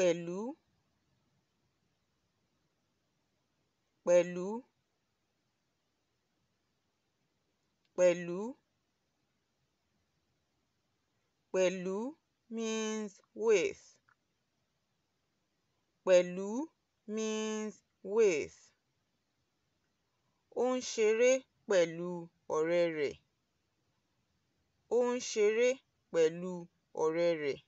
pẹ̀lú pẹ̀lú pẹ̀lú pẹ̀lú means with pẹ̀lú means with ó ń ṣeré pẹ̀lú ọ̀rẹ́ rẹ̀ ó ń ṣeré pẹ̀lú ọ̀rẹ́ rẹ̀